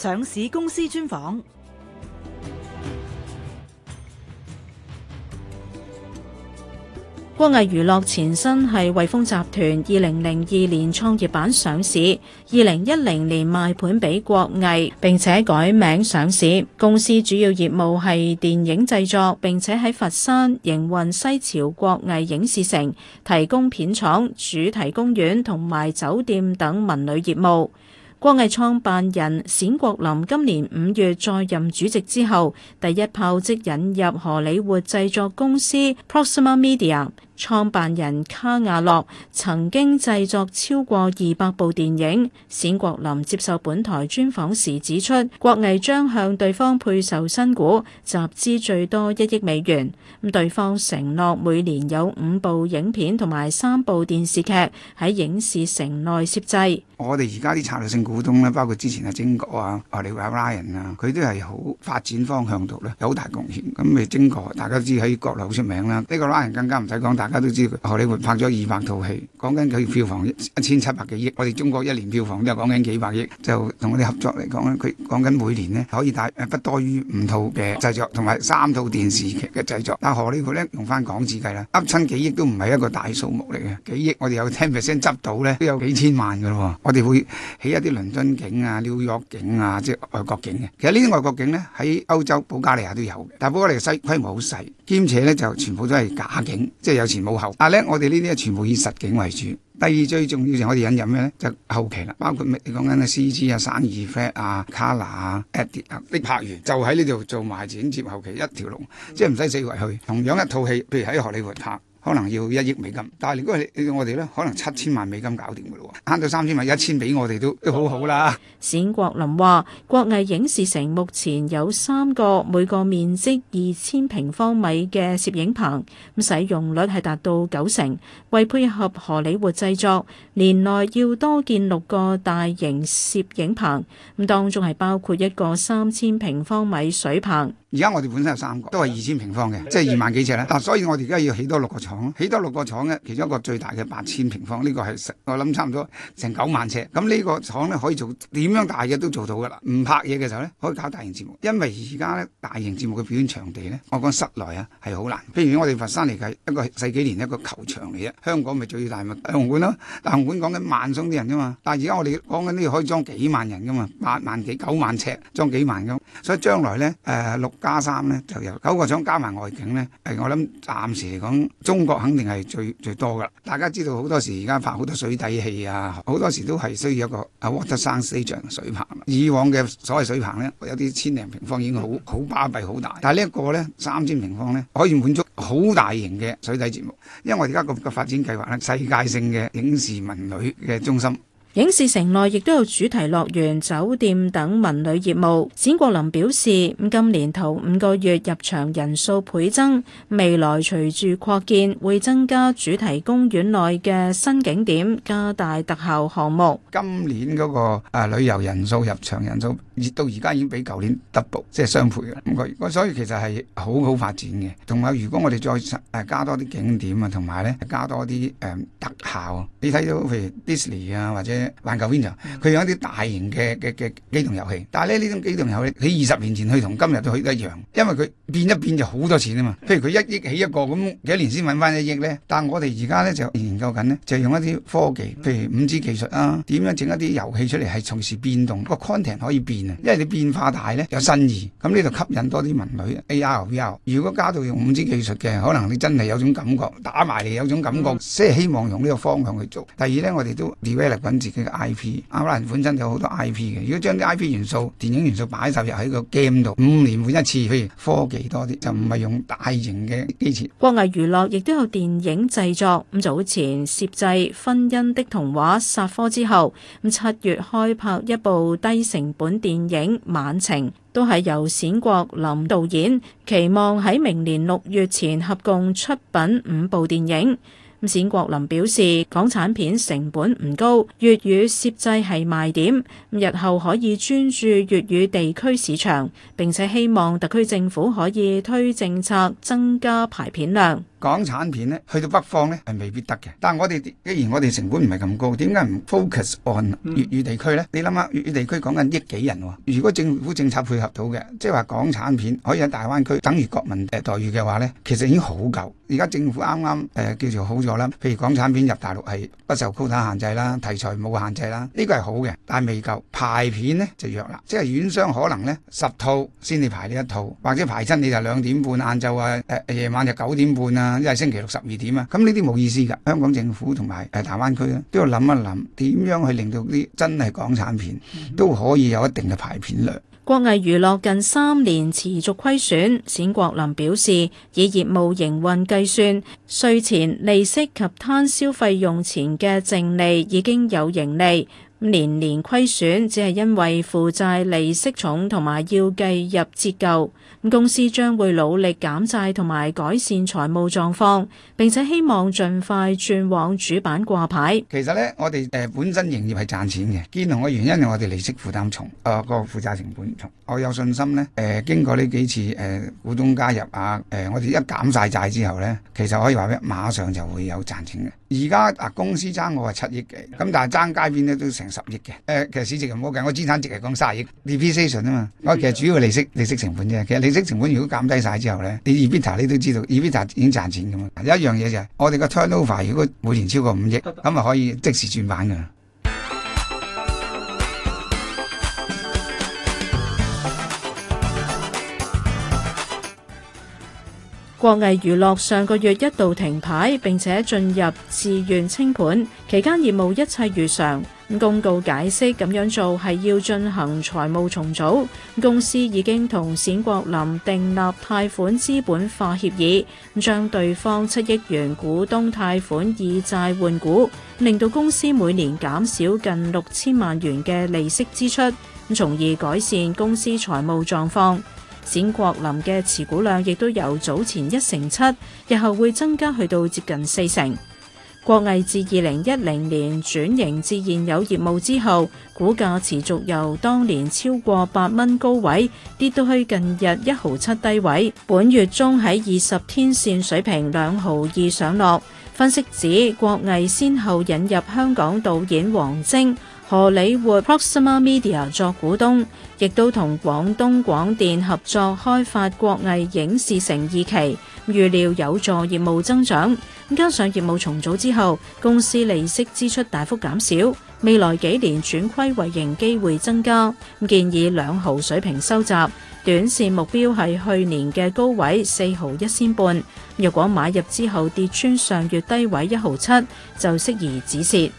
上市公司專訪。國藝娛樂前身係慧峰集團，二零零二年創業板上市，二零一零年賣盤俾國藝，並且改名上市。公司主要業務係電影製作，並且喺佛山營運西樵國藝影視城，提供片廠、主題公園同埋酒店等文旅業務。國藝創辦人冼國林今年五月再任主席之後，第一炮即引入荷里活製作公司 Proxima Media。創辦人卡瓦諾曾經製作超過二百部電影。冼國林接受本台專訪時指出，國藝將向對方配售新股，集資最多一億美元。咁對方承諾每年有五部影片同埋三部電視劇喺影視城內攝製。我哋而家啲策略性股東咧，包括之前阿晶哥啊、你李維 Ryan 啊，佢都係好發展方向度咧，有好大貢獻。咁咪晶哥，大家知喺國內好出名啦。呢個 Ryan 更加唔使講，但大家都知道荷里活拍咗二百套戲，講緊佢票房一千七百幾億。我哋中國一年票房都係講緊幾百億，就同我哋合作嚟講咧，佢講緊每年咧可以帶不多於五套嘅製作，同埋三套電視劇嘅製作。但荷里活咧用翻港紙計啦，噏親幾億都唔係一個大數目嚟嘅。幾億我哋有 ten percent 執到咧，都有幾千萬嘅咯。我哋會起一啲倫敦景啊、紐約景啊，即係外國景嘅。其實呢啲外國景咧喺歐洲、保加利亞都有嘅，但係保加利亞細規模好細，兼且咧就全部都係假景，即係有錢。冇後阿叻、啊，我哋呢啲全部以實景為主。第二最重要就我哋引入咩咧？就後期啦，包括你講緊嘅 C G 啊、生意 f 散熱粉啊、卡拿啊、at 啲啊，你、啊啊、拍完就喺呢度做埋剪接後期一條龍，嗯、即係唔使四圍去。同樣一套戲，譬如喺荷里活拍。可能要一億美金，但係如果我哋咧，可能七千萬美金搞掂嘅咯，慳到三千萬，一千俾我哋都都好好啦。冼國林話：國藝影視城目前有三個每個面積二千平方米嘅攝影棚，咁使用率係達到九成。為配合荷里活製作，年內要多建六個大型攝影棚，咁當中係包括一個三千平方米水棚。而家我哋本身有三個，都係二千平方嘅，即係二萬幾尺啦。但所以我哋而家要多起多六個場。起多六個廠嘅，其中一個最大嘅八千平方，呢個係我諗差唔多成九萬尺。咁呢個廠咧，可以做點樣大嘅都做到噶啦。唔拍嘢嘅時候咧，可以搞大型節目，因為而家咧大型節目嘅表演場地咧，我講室內啊係好難。譬如我哋佛山嚟計一個世紀年一個球場嚟啫，香港咪最大咪大紅館咯。大紅館講緊萬鬆啲人啫嘛。但係而家我哋講緊呢個可以裝幾萬人噶嘛，八萬幾九萬尺裝幾萬咁。所以將來咧誒六加三咧就有九個廠加埋外景咧，係我諗暫時嚟講中中國肯定係最最多噶啦，大家知道好多時而家拍好多水底戲啊，好多時都係需要一個啊 water sound stage 嘅水棚。以往嘅所謂水棚呢，有啲千零平方已經好好巴閉好大，但係呢一個呢，三千平方呢，可以滿足好大型嘅水底節目，因為我哋而家個發展計劃呢，世界性嘅影視文旅嘅中心。影視城內亦都有主題樂園、酒店等文旅業務。冼國林表示：今年頭五個月入場人數倍增，未來隨住擴建會增加主題公園內嘅新景點，加大特效項目。今年嗰個啊旅遊人數、入場人數。到而家已經比舊年 double 即係雙倍嘅咁、就是、所以其實係好好發展嘅。同埋，如果我哋再誒、呃、加多啲景點啊，同埋咧加多啲誒、呃、特效，啊，你睇到譬如 Disney 啊或者環球影城，佢用一啲大型嘅嘅嘅機動遊戲。但係咧呢這種機動遊戲喺二十年前去同今日都去得一樣，因為佢變一變就好多錢啊嘛。譬如佢一億起一個，咁幾年先揾翻一億咧。但係我哋而家咧就研究緊咧，就用一啲科技，譬如五 G 技術啊，點樣整一啲遊戲出嚟係隨時變動、個 content 可以變。因為你變化大咧，有新意，咁呢度吸引多啲文旅。A R、V R，如果加到用五 G 技術嘅，可能你真係有種感覺，打埋嚟有種感覺，即係希望用呢個方向去做。第二咧，我哋都 develop 緊自己嘅 I P，阿馬遜本身有好多 I P 嘅，如果將啲 I P 元素、電影元素擺入喺個 game 度，五年換一次，譬如科技多啲，就唔係用大型嘅機器。國藝娛樂亦都有電影製作，咁早前攝製《婚姻的童話》殺科之後，咁七月開拍一部低成本電影。電影《晚晴》都係由冼國林導演，期望喺明年六月前合共出品五部電影。冼國林表示，港產片成本唔高，粵語攝製係賣點，日後可以專注粵語地區市場，並且希望特區政府可以推政策增加排片量。港產片咧去到北方咧係未必得嘅，但我哋既然我哋成本唔係咁高，點解唔 focus on 粵語地區咧、嗯？你諗下，粵語地區講緊億幾人喎。如果政府政策配合到嘅，即係話港產片可以喺大灣區等於國民待遇嘅話咧，其實已經好夠。而家政府啱啱、呃、叫做好咗啦，譬如港產片入大陸係不受高 u 限制啦，題材冇限制啦，呢、這個係好嘅，但係未夠排片咧就弱啦，即係院商可能咧十套先至排呢一套，或者排出你就兩點半晏晝啊、呃、夜晚就九點半啊。啊，一係星期六十二點啊，咁呢啲冇意思噶。香港政府同埋誒大灣區咧，都要諗一諗點樣去令到啲真係港產片、嗯、都可以有一定嘅排片量。國藝娛樂近三年持續虧損，冼國林表示，以業務營運計算，稅前利息及攤銷費用前嘅淨利已經有盈利。年年虧損，只係因為負債利息重同埋要計入折舊。公司將會努力減債同埋改善財務狀況，並且希望盡快轉往主板掛牌。其實呢，我哋本身營業係賺錢嘅，堅行嘅原因係我哋利息負擔重，誒個負債成本重。我有信心呢，誒、呃、經過呢幾次誒、呃、股東加入啊、呃，我哋一減晒債之後呢，其實可以話咧，馬上就會有賺錢嘅。而家公司爭我係七億嘅，咁但係爭街邊都成十億嘅。誒、呃，其實市值就冇好計，我資產值嚟講卅億 depreciation 啊嘛。我其實主要利息利息成本啫。其實利息成本如果減低晒之後呢，你 EBITDA 你都知道 EBITDA 已經賺錢㗎嘛。有一樣嘢就係、是、我哋個 turnover 如果每年超過五億，咁啊可以即時轉板嘅。國藝娛樂上個月一度停牌，並且進入自願清盤，期間業務一切如常。公告解釋咁樣做係要進行財務重組，公司已經同冼國林訂立貸款資本化協議，將對方七億元股東貸款以債換股，令到公司每年減少近六千萬元嘅利息支出，從而改善公司財務狀況。冼國林嘅持股量亦都由早前一成七，日後會增加去到接近四成。國藝自二零一零年轉型至現有業務之後，股價持續由當年超過八蚊高位，跌到去近日一毫七低位。本月中喺二十天綫水平兩毫二上落，分析指國藝先後引入香港導演王晶。荷里活 （Proxima Media） 作股東，亦都同廣東廣電合作開發國藝影視城二期，預料有助業務增長。加上業務重組之後，公司利息支出大幅減少，未來幾年轉虧為盈機會增加。建議兩毫水平收集，短線目標係去年嘅高位四毫一仙半。若果買入之後跌穿上月低位一毫七，就適宜止蝕。